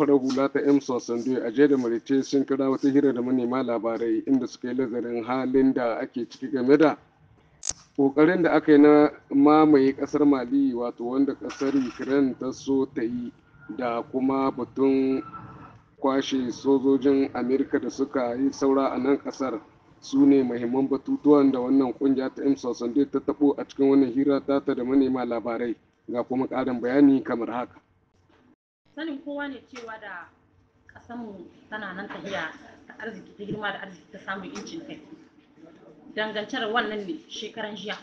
farar hula ta m sando a da marice sun kira wata hira da manema labarai inda suka yi nazarin halin da ake ciki game da kokarin da aka yi na mamaye kasar mali wato wanda kasar ukraine ta so ta yi da kuma batun kwashe sojojin amerika da suka yi saura a nan kasar su ne muhimman batutuwan da wannan ƙungiya ta m sando ta tabo a cikin wannan hira ta da manema labarai ga kuma karin bayani kamar haka sanin kowa ne cewa da ƙasanmu tana nan tahiya ta arziki ta girma da arziki ta samun incin kai dangancar wannan ne shekaran jiya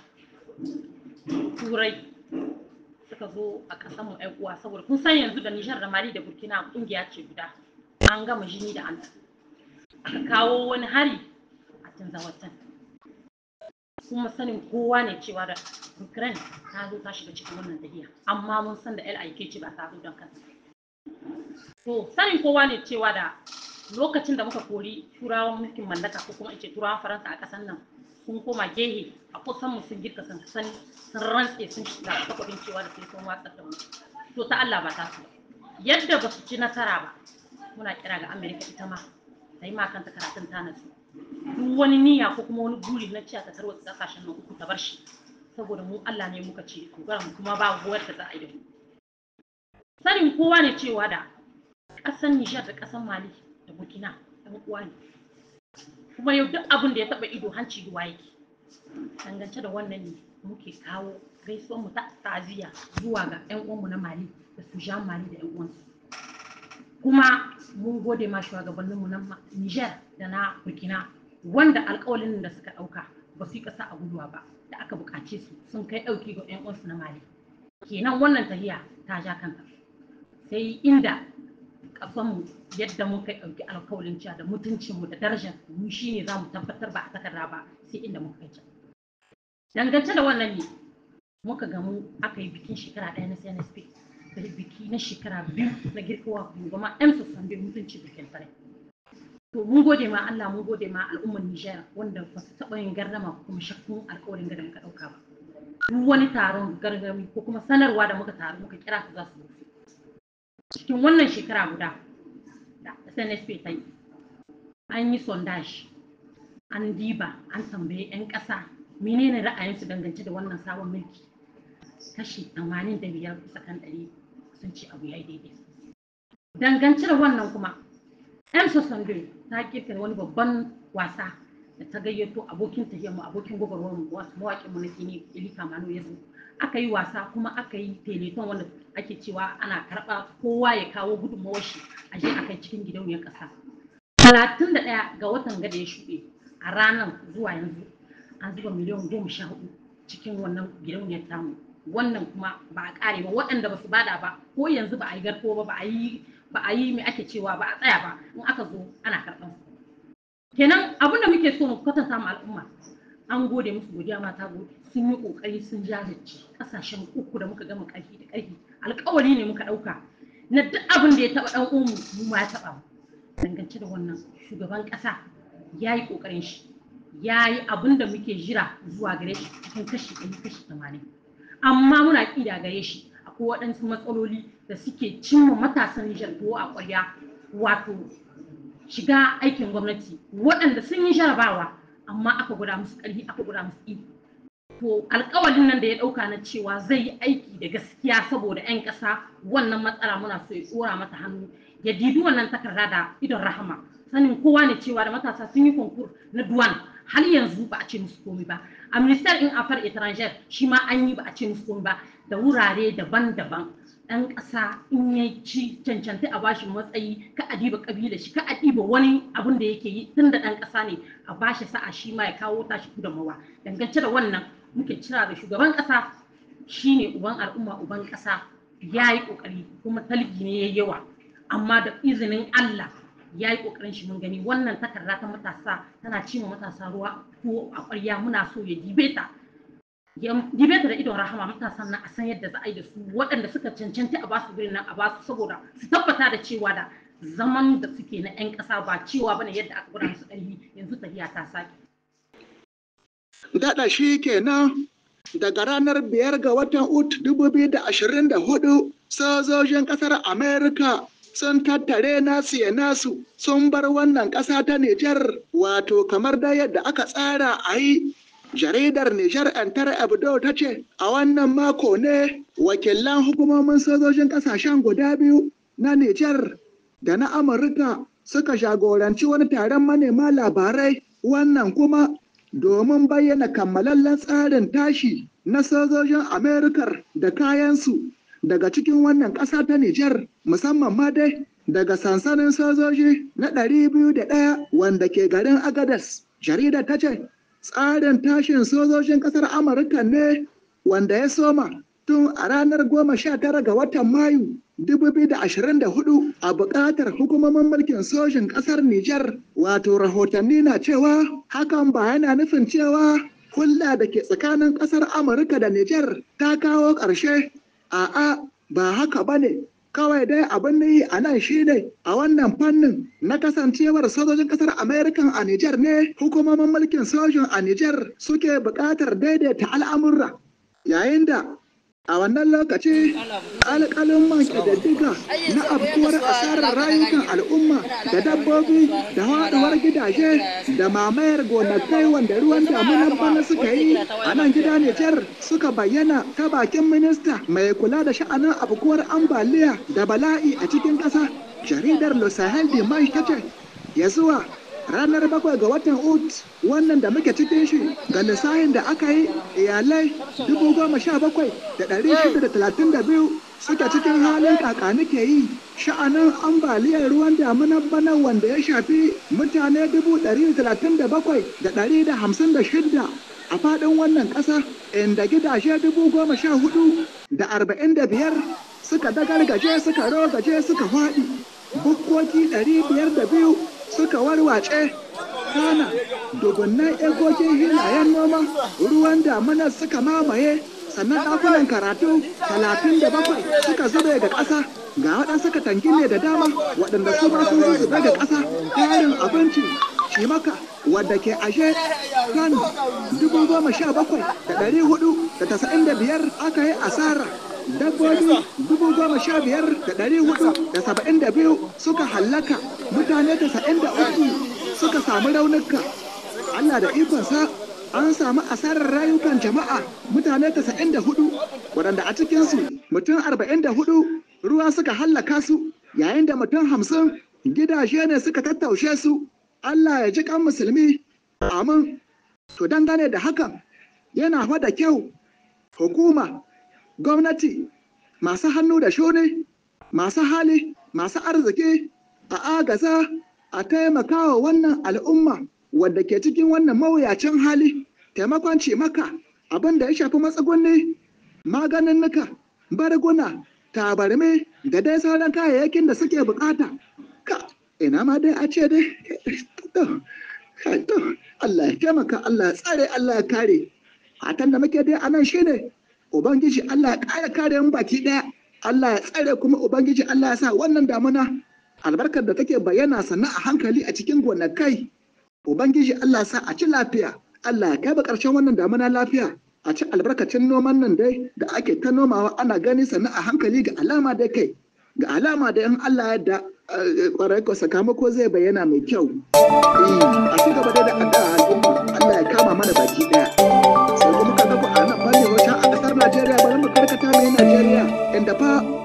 turai suka zo a ƙasanmu yan wa saboda kun san yanzu da nijar da mali da burkina kungiya ce guda an gama jini da hannu aka kawo wani hari a zawatan kuma sanin kowa ne cewa da ukraine ta zo ta shiga cikin wannan tahiya amma mun san da lik ce ba ta zo don kansa to sanin kowa ne cewa da lokacin da muka kori turawan mulkin mallaka ko kuma ce turawan faransa a ƙasar nan sun koma gehe a kusan mu sun girka sun sun rantse sun shiga takobin cewa da sai sun watsa da mu to ta Allah ba ta su yadda ba su ci nasara ba muna kira ga Amerika ita ma ta ma kanta karatun ta nasu duk wani niyya ko kuma wani buri na cewa ta tarwatsa kasashen nan uku ta bar shi saboda mu Allah ne muka ce mu kuma ba goyar ta za a yi da mu sanin kowa ne cewa da ƙasar Nijar da ƙasar Mali da Burkina da uwa ne kuma yau duk abin da ya taɓa ido hanci ruwa yake dangance da wannan ne muke kawo gaisuwar mu ta taziya zuwa ga ƴan uwanmu na Mali da Sujan Mali da ƴan uwansu kuma mun gode ma shugabanninmu na Nijar da na Burkina wanda alƙawalin da suka ɗauka ba su yi ƙasa a guduwa ba da aka buƙace su sun kai ɗauki ga 'yan uwansu na Mali kenan wannan tahiya ta ja kanta sai inda kafanmu yadda muka ɗauki alkawalin cewa da mutuncinmu da darajar mu shine za mu tabbatar ba a takarda ba sai inda muka kai dangance da wannan ne muka gamu aka yi bikin shekara ɗaya na CNSP da biki na shekara biyu na girkawa goma M sassan bai mutunci bikin tare to mun gode ma Allah mun gode ma al'ummar Nijar wanda ba su taɓa yin gardama kuma shakkun alkawarin gada muka ɗauka ba duk wani taron gargami ko kuma sanarwa da muka taru muka kira su za su cikin wannan shekara guda da snsp ta yi an yi sondage an diba an tambayi 'yan ƙasa menene ra'ayinsu dangance da wannan sabon mulki kashi 85 bisa kan 100 sun ce abu ya yi daidai dangance da wannan kuma yan sosandoi ta kirka wani babban wasa da ta gayyato abokin mu abokin gwagwarwarmu mawakin mu na kini ilika manu aka yi wasa kuma aka yi teleton wanda ake cewa ana karɓa kowa ya kawo gudunmawar shi a je a kai cikin gidauniyar ƙasa. Talatin da ɗaya ga watan gada ya shuɗe a ranar zuwa yanzu an zuba miliyan goma sha hudu cikin wannan gidauniyar tamu. Wannan kuma ba a ƙare ba waɗanda ba su bada ba ko yanzu ba a yi garko ba ba a yi ba mai ake cewa ba a tsaya ba in aka zo ana karɓar su. Kenan abin da muke so mu kwatanta samu al'umma an gode musu godiya mata gode sun yi ƙoƙari sun jajirce ƙasashen uku da muka gama ƙarfi da ƙarfi alƙawari ne muka ɗauka na duk abin da ya taɓa ɗan umu mu ma ya taɓa dangance da wannan shugaban ƙasa ya yi ƙoƙarin shi ya yi abin da muke jira zuwa gare shi cikin kashi ɗari kashi tamanin amma muna ƙi gare shi akwai waɗansu matsaloli da suke cimma matasan Nijar a ƙwarya wato shiga aikin gwamnati waɗanda sun yi jarabawa amma aka guda musu ƙarfi aka guda musu ƙi to alkawalin nan da ya ɗauka na cewa zai yi aiki da gaskiya saboda 'yan ƙasa wannan matsala muna so ya tsora mata hannu ya didi wannan takarda da idon rahama sanin kowa ne cewa da matasa sun yi konkur na duwan har yanzu ba a ce musu komi ba a minister in afar etranger shi ma an yi ba a ce musu komi ba da wurare daban-daban ɗan ƙasa in ya ci cancanta a bashi matsayi ka a diba ƙabila shi ka a diba wani abin da yake yi tun da ɗan ƙasa ne a bashi sa'a shi ma ya kawo tashi mawa dangance da wannan muke cira da shugaban ƙasa shine uban al'umma uban ƙasa ya yi ƙoƙari kuma talgi ne ya yawa amma da izinin Allah ya yi ƙoƙarin shi mun gani wannan takarda ta matasa tana ci matasa ruwa ko a ƙwarya muna so ya dibeta dibeta da idon rahama matasan nan a san yadda za a yi da su waɗanda suka cancanta a basu gurin nan a basu saboda su tabbata da cewa da zaman da suke na 'yan ƙasa ba cewa bane yadda aka gwada musu ɗari yanzu tafiya ta sake daɗa shi kenan daga ranar biyar ga watan ut 2024 sojojin ƙasar amerika sun tattare nasu ya nasu sun bar wannan ƙasa ta nijar wato kamar da yadda aka tsara a yi jaridar nijar antar abdo ta ce a wannan mako ne wakilan hukumomin sojojin ƙasashen guda biyu na nijar da na amurka suka jagoranci wani taron manema labarai wannan kuma domin bayyana kammalallen tsarin tashi na sojojin Amerikar da kayansu daga cikin wannan ƙasa ta Nijar musamman ma dai daga sansanin sojoji na 201 wanda ke garin Agadas. Jaridar ta ce tsarin tashin sojojin ƙasar Amurka ne wanda ya soma tun a ranar goma sha tara ga watan Mayu da hudu, a buƙatar hukumomin mulkin sojin ƙasar Nijar wato rahotanni na cewa hakan ba yana nufin cewa hulɗa da ke tsakanin ƙasar Amurka da Nijar ta kawo ƙarshe a'a ba haka ba ne kawai dai abin da yi a nan shi a wannan fannin na kasancewar sojojin ƙasar amerikan a Nijar ne hukumomin mulkin sojin a Nijar suke buƙatar daidaita al'amurra yayin da a wannan lokaci alƙalin man ƙididdiga na abubuwar asarar rayukan al'umma da dabbobi da haɗuwar gidaje da mamayar gonakai wanda ruwan damunan bana suka yi a nan gida Nijar suka bayyana ta bakin minista mai kula da sha'anin abubuwar ambaliya da bala'i a cikin ƙasa jaridar Los de mai ya zuwa ranar bakwai ga watan ut wannan da muke cikin shi ga lissahin da aka yi iyalai dubu goma sha bakwai da ɗari shida da talatin da biyu suke cikin halin kakani ke yi sha'anin ambaliyar ruwan damunan bana wanda ya shafi mutane dubu ɗari da talatin da bakwai da ɗari da hamsin da shida a faɗin wannan ƙasa inda gidaje dubu goma sha hudu da arba'in da biyar suka dagargaje suka rogaje suka faɗi bukkoki ɗari biyar da biyu suka warwace kana dogonnan egogin hilayen noma ruwan damuna suka mamaye sannan ɗakunan karatu talatin da bakwai suka zube ga ƙasa ga waɗansu katangin ne da dama waɗanda su ba sun zube ga ƙasa ƙarin abinci shimaka, wadda ke ashe kan dubu goma sha bakwai da ɗari hudu da tasa'in da biyar aka yi asara dabbobi dubu goma sha biyar da ɗari hudu da saba'in da biyu suka hallaka mutane tasa'in da uku suka samu raunuka allah da ikonsa an samu asarar rayukan jama'a mutane tasa'in da hudu waɗanda a cikinsu mutum arba'in da hudu ruwa suka hallaka su yayin da mutum hamsin gidaje ne suka tattaushe su allah ya ji kan musulmi amin to dangane da hakan yana da kyau hukuma gwamnati masu hannu da shone masu hali masu arziki a agaza a taimakawa wannan al'umma wadda ke cikin wannan mawuyacin hali taimakon cimaka abin da ya shafi matsagunni maganin nuka barguna tabarmi, da dai sauran kayayyakin da suke bukata ka ina ma dai a ce dai Allah ya taimaka Allah ya tsare Allah ya kare a da muke dai anan shine ubangiji Allah ya ƙara kare mu baki ɗaya Allah ya tsare kuma ubangiji Allah ya sa wannan damuna albarkar da take bayyana sannan a hankali a cikin gonakai ubangiji Allah ya sa a ci lafiya Allah ya kai ba ƙarshen wannan damuna lafiya a ci albarkacin noman nan dai da ake ta nomawa ana gani sannan a hankali ga alama dai kai ga alama da in Allah ya da eh, kwarai ko sakamako zai bayyana mai kyau eh, a cikin gaba da Allah ya kama mana baki ɗaya 吧。